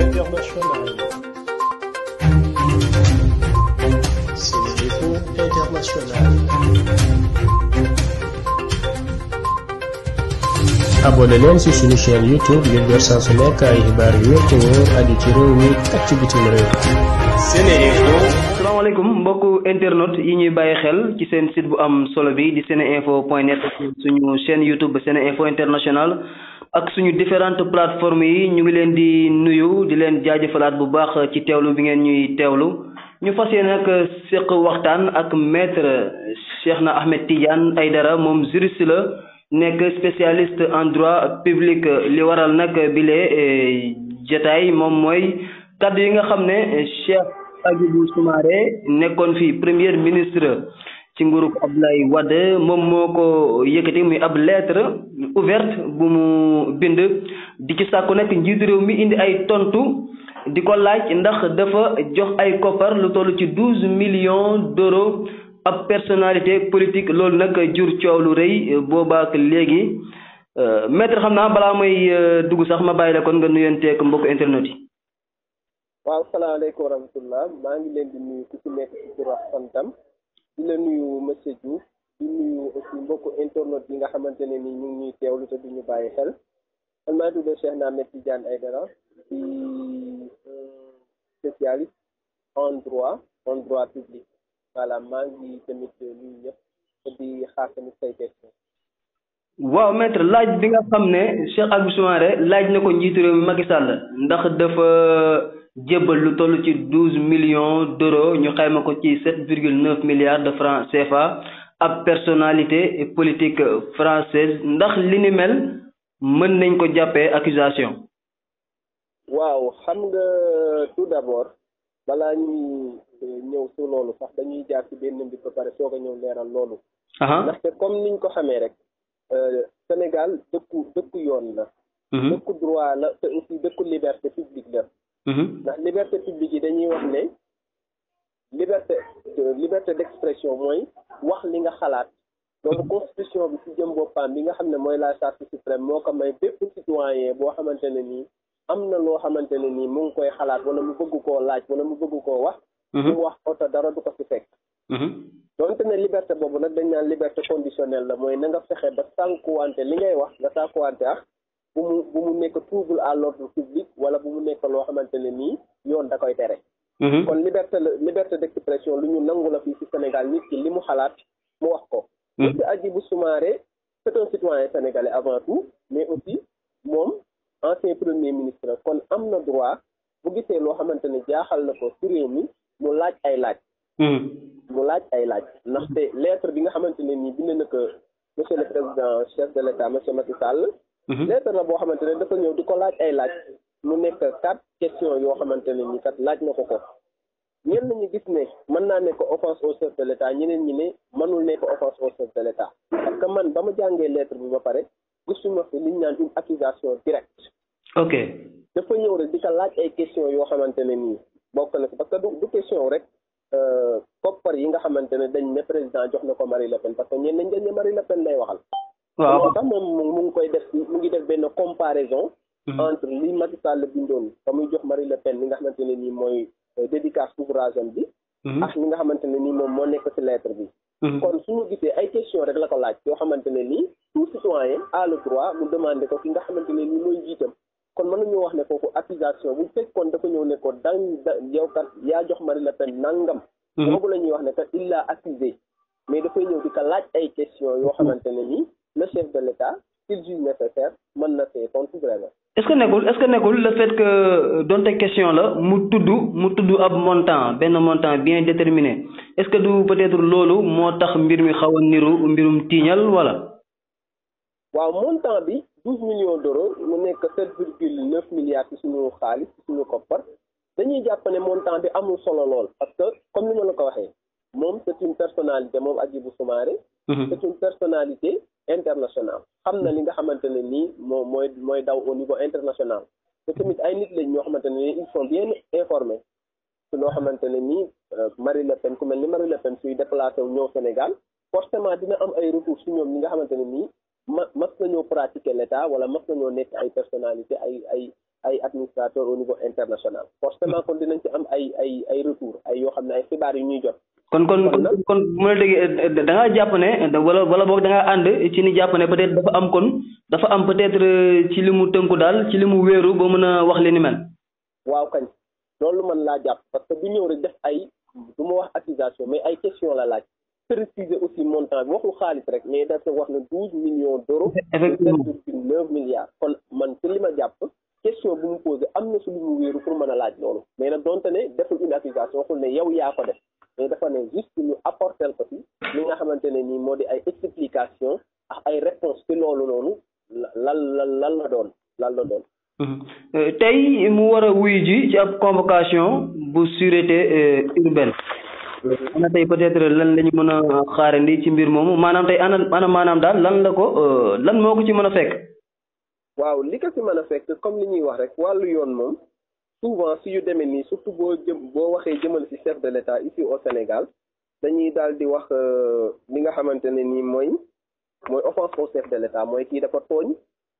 internationale. C'est l'info internationale. abonné ci suñu chaîne YouTube ngir jot saa su nekk ay xibaar yu wér te ci réew mi ak ci bitim réew. asalaamaaleykum mbokku yi ñuy bàyyi xel ci seen site bu am solo bi di seneinfo point net suñu chaîne YouTube Seneinfo International. ak suñu différentes plateformes yi ñu ngi leen di nuyu di leen jaajëfalaat bu baax ci teewlu bi ngeen ñuy teewlu ñu fas yéene nag séq waxtaan ak maître Cheikhna Ahmed ay dara moom juriste la nekk spécialiste en droit public li waral nag bile eh, jataay moom mooy kàddu yi nga xam ne Cheikh Hadjibou Soumaré nekkoon fi premier ministre ci nguurug Abdoulaye Wade moom moo ko yëkkati muy ab lettre uvert bu mu bind di ci sàkku nag njiitu réew mi indi ay tontu di ko laaj ndax dafa jox ay koppar lu toll ci douze millions d'euros ab personnalité politique loolu nag jur coow lu rëy boobaak léegi euh, maître xam naa balaa may euh, dugg sax ma bàyyi la kon nga nuyonteeg mbokk internet yi. waaw salaamaaleykum wa maa ngi leen di nuyu ku ci nekk ci tur ak di la nuyu monsieur Diouf di nuyu bi nga xamante ne ni ñu ngi ñuy bàyyi xel man maa di euh, spécialiste en droit en droit laaj bi nga xam ne Cheikh Abdou Soumaré laaj na ko njiitu réew mi ndax dafa jébbal lu toll ci douze millions d'euros ñu xayma ko ci sept virgule neuf milliards de francs CFA ab personnalité politique française ndax li ni mel mën nañ ko jàppee accusation waaw xam nga tout d'abord balaa ñuy eh, ñëw su loolu sax dañuy jaar ci benn mbir ba pare soog a ñëw leeral loolu ndaxte comme niñ ko xamee rek euh, Sénégal dëkku dëkku yoon la mhm. dëkku droit la te aussi dëkku liberté publique la Mm-hmm. ndax liberté publique yi dañuy wax ne liberté euh, liberté d'expression mooy wax li nga xalaat donc mm-hmm. constitution bi ci jëm boppam bi nga xam ne mooy la charte suprême moo ko may bépp citoyen boo xamante ne nii am na loo xamante ne nii mu ngi koy xalaat wala mu bëgg koo laaj wala mu bëgg koo wax mm-hmm. mu wax oto dara du ko ci fekk donte ne liberté boobu nag dañ naan liberté conditionnelle la mooy na fexe ba sànkuwante li ngay wax nga sànkuwante ak bu mu bu mu nekk trouble à l'ordre public wala bu mu nekk loo xamante ne nii yoon da koy tere mhm. kon liberté la liberté d'expression lu ñu nangu la fii ci Sénégal nit ki li mu xalaat mu wax ko monsieur mhm. Hadjibou Soumaré c'est un citoyen sénégalais avant tout mais aussi moom ancien premier ministre kon am na droit bu gisee loo xamante ne jaaxal na ko ci mi mu laaj ay laaj mhm. mu laaj ay laaj ndaxte lettre bi nga xamante ne nii bind na ko monsieur le président chef de l'état monsieur Macky Mhm. lettre la boo xamante ne dafa ñëw di ko laaj ay laaj mu nekk quatre questions yoo xamante ne ñi kat laaj na ko ko ñenn ñi gis ne mën naa nekk offense au chef de l' état ñeneen ñi ne mënul nekk offense au chef de l' parce que man ba ma jàngee lettre bi ba pare gisuma fi ñu naan une accusation directe. ok dafa ñëw rek di ko laaj ay question yoo xamante ne nii bokk na si parce que du question rek euh, koppar yi nga xamante ne dañ ne président jox na ko Marie Le que ñenn ñi dañ ne Marie lay waxal. waaw moo tax moom mu ngi koy def mu ngi def benn comparaison. Mm-hmm. entre li Macky Sall bindoon ba muy jox Marie la Pen li nga xamante ne nii mooy euh, dédicace ouvrage am bi. Mm-hmm. ak li nga xamante ne nii moom moo nekk ci lettre bi. Mm-hmm. kon su ñu gisee ay question rek la ko laaj yoo xamante ne nii tout citoyen a le droit mu demander ko ki nga xamante ne nii mooy njiitam kon mën nañoo wax ne foofu accusation bu fekkoon dafa ñëw nekkoon ko daan yow yaa jox Marie la Pen nangam. la ñuy wax ne kat il l'a accusé mais dafay ñëw di ko laaj ay question yoo xamante ne nii. le chef de l'État na see tontu vraiment. est-ce que nekkul est-ce que nekkul le fait que euh, donte question la mu tudd mu tudd ab montant benn montant bien déterminé est-ce du peut-être loolu moo tax mbir mi xaw a niru mbirum tiiñal wala. waaw montant bi douze millions d'euros mu nekk sept virgule neuf milliards ci suñu xaalis ci suñu koppar dañuy jàpp ne montant bi amul solo lool parce que comme ni ma la ko waxee moom c'est une personnalité moom Hadjibou Soumaré. Mhm. c'est une personnalité. international xam na hmm. li nga xamante ne nii moo mooy mooy daw au niveau international te tamit ay nit lañ ñoo xamante ne nii ils sont bien xamante ne nii euh, Marie Le Pen ku mel ni Marie Le Pen suy déplacé wu ñëw Sénégal forcément dina am ay retour si ñoom ñi nga xamante ne nii ma mas nañoo pratiquer l'État wala mas nañoo nekk ay personnalité ay ay ay administrateur au niveau international forcément kon dinañ ci am ay ay ay retour ay yoo xam ne ay xibaar yu ñuy jot kon kon kon bu ma la déggee euh, euh, da jàpp ne euh, wala wala boog da ànd ci ni jàpp ne peut-être dafa am kon dafa am peut-être ci li mu tënku daal ci li mu wéeru ba mën a wax li ni waaw kañ loolu man laa jàpp parce que bu ñëw rek def ay du ma wax accusation mais ay question la laaj. préciser aussi montant bi waxu xaalis rek mais dafa wax na douze millions d'euros. effectivement neuf milliards. kon man ci li jàpp question bu mu am na su lu mu wéeru pour mën a laaj loolu. mais nag donte ne deful une accusation waxul ne yow yaa ko def. mais dafa ne juste ñu apporter ko ci li nga xamante ne nii moo di ay explication ay réponse ci loolu noonu lan lan lan la doon lan la doon mhm. euh, tey mu war a wuy ji ci ab convocation bu sûreté euh, urbaine mhm. ana tey peut-être lan la ñu mën a xaarandi ci mbir moom maanaam tey ana ana maanaam daal lan la ko euh, lan moo ko ci mën a fekk waaw li ko ci mën a fekk comme li ñuy wax rek wàllu yoon moom souvent su yu demee nii surtout boo jëm boo waxee jëmale ci chef de l'État ici au Sénégal dañuy daal di wax euh, li nga xamante ne nii mooy mooy offense au chef de l'État mooy kii dafa tooñ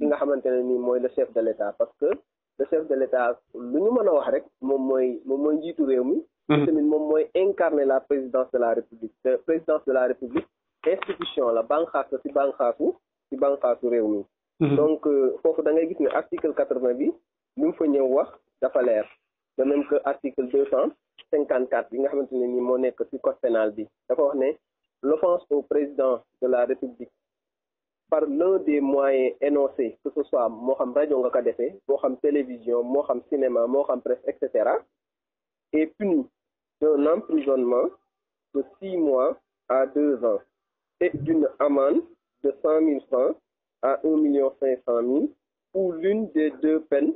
li nga xamante ne nii mooy le chef de l'État parce que le chef de l'État lu ñu mën a wax rek moom mooy moom mooy njiitu réew mi mm-hmm. moom mooy incarner la présidence de la République te euh, présidence de la République institution la banxaas la ci banxaasu ci banxaasu réew mi mm-hmm. donc euh, foofu da ngay gis ne article quatre-vingt bi li mu fa ñëw wax dafa leer de même que article deux cent cinquante quatre bi nga xamante ne ni moo nekk ci code pénal bi dafa wax ne l'offense au président de la république par l'un des moyens énoncés que ce soit moo xam rajo nga ko defee moo xam télévision moo cinéma moo xam presse et cetera est puni d'un emprisonnement de six mois à deux ans et d'une amende de cent mille francs à un million cinq cent mille pour l'une des deux peines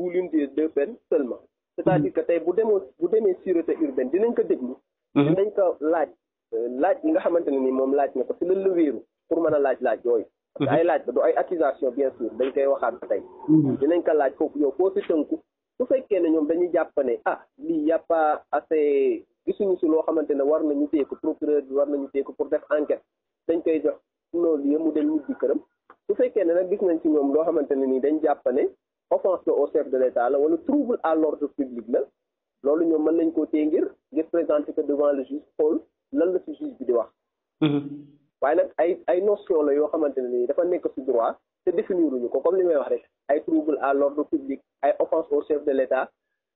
ou l'une des deux peines seulement c'est-à-dire mm-hmm. que tey bu demoo bu demee sûreté dinañ ko déglu mm-hmm. dinañ ko laaj euh, laaj yi nga xamante ne ni moom laaj na ko si lan la wéeru pour mën a laaj laaj yooyu parce que mm-hmm. ay laaj la du ay accusation bien sûr dañ koy waxaat tey dinañ ko laaj foofu yow foo si tënku su fekkee na ñoom dañuy jàpp ne ah lii y a pas assez gisuñu si loo xamante ne war nañu téye ko procureur bi war nañu téye ko pour def enquête dañ koy jox noolu yëpp mu dem ñibbi këram su fekkee ne nag gis nañ si ñoom loo xamante ne nii dañ jàpp offense la au chef de l'État la wala trouble à l'ordre public la loolu ñoom mën nañ koo téye ngir ngir présenter que devant le juge xool lan la ci juge bi di wax mhm. waaye nag ay ay notion la yoo xamante ne nii dafa nekk ci droit te définiruñu ko comme li may wax rek ay trouble à l'ordre public ay offense au chef de l'État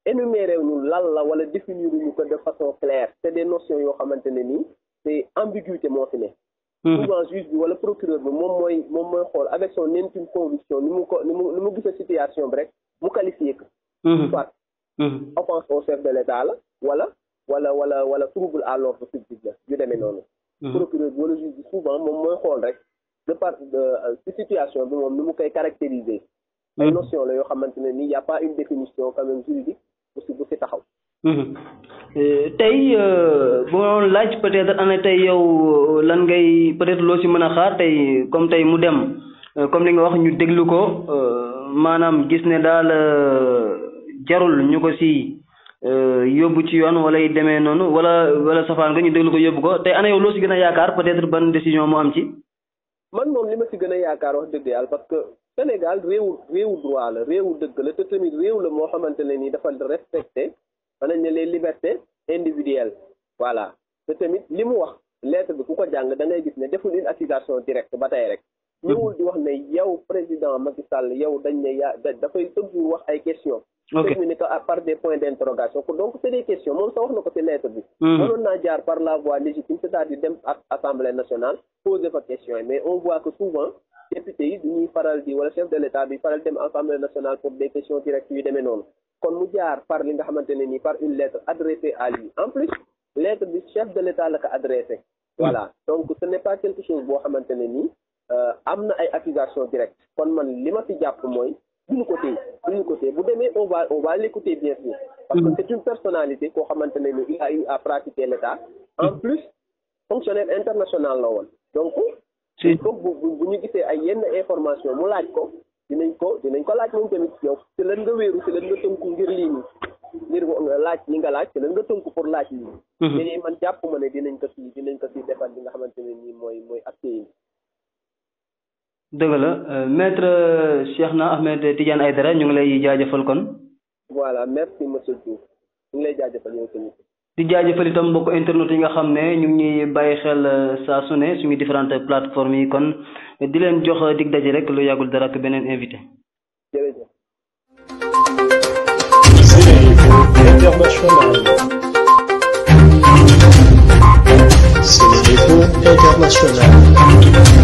énuméré ñu lan la wala définiruñu ko de façon claire te des notions yoo xamante ne nii c'est ambiguïté moo si ne souvent hmm. juge bi wala procureur bi moom mooy moom mooy xool avec son intime conviction ni mu ko ni mu ni mu gisee situation bi rek mu qualifié ko hmm. soit hmm. offense au chef de l'État la wala wala wala wala trouble à l'ordre public la yu demee noonu procureur bi wala juge bi souvent moom mooy xool rek de part euh, ci situation bi moom ni mu koy caractériser ay notion la yoo xamante ne nii y a pas une définition quand juridique bu si bu si taxaw Eh, tey euh, bu ma doon laaj peut être ana tey yow euh, lan ngay peut être loo ci mën a xaar tey comme tey mu dem euh, comme li nga wax ñu déglu ko maanaam gis ne daal jarul ñu ko si yóbbu ci yoon wala yi demee noonu wala wala safaan nga ñu déglu ko yóbbu ko tey ana yow loo si gën a yaakaar peut ban décision moo am ci. man moom li ma si gën a yaakaar wax dëgg yàlla parce que Sénégal réewu réewu droit la réewu dëgg la te tamit réew la moo xamante ne nii dafa respecté. mën nañ ne les libertés individuel voilà te tamit li mu wax lettre bi ku ko jàng da ngay gis ne deful une accusation directe ba tey rek di wax ne yow président Macky Sall yow dañ ne yaa dafay toujours wax ay questions terminé ko par des points d' interrogation donc c' est des questions moom sa wax na ko ci lettre bi hmm. mënoon naa jaar par la voie légitime c' est à dire dem ak assemblée nationale poser fa question yi mais on voit que souvent député yi du ñuy faral di wala chef de l' état bi faral kon mu jaar par li nga xamante ne nii par une lettre adressée à lui en plus lettre bi chef de l'état la ko adressé voilà donc ce n'est pas quelque chose boo xamante ne nii euh, am na ay accusations directes kon man li ma fi jàpp mooy duñu ko téye duñu ko téye bu demee on va on va l'écouter bien sûr parce que c'est une personnalité koo xamante ne nii il a eu à pratiquer l'état en plus fonctionnaire international la woon donc donc bu bu ñu gisee ay yenn information mu laaj ko dinañ ko dinañ ko laaj moom tamit yow te lan nga wéeru ci lan nga tënku ngir lii ngir laaj li nga laaj ci lan nga tënku pour laaj lii nii mhm. man jàpp ma ne dinañ ko si dinañ ko si defal li nga xamante ne nii mooy mooy acte yi dëgg la euh, maître euh, Cheikhna Ahmed Tidiane Aidara ñu ngi lay jaajëfal kon voilà merci monsieur Diouf ñu lay jaajëfal yow tamit di jaajëfal itam mbokk internet yi nga xam ne ñu ngi ñuy bàyyi xel euh, saa su ne suñu différentes plateformes yi kon di leen jox euh, dig daje rek lu yàggul dara ak beneen invité. jërëjëf.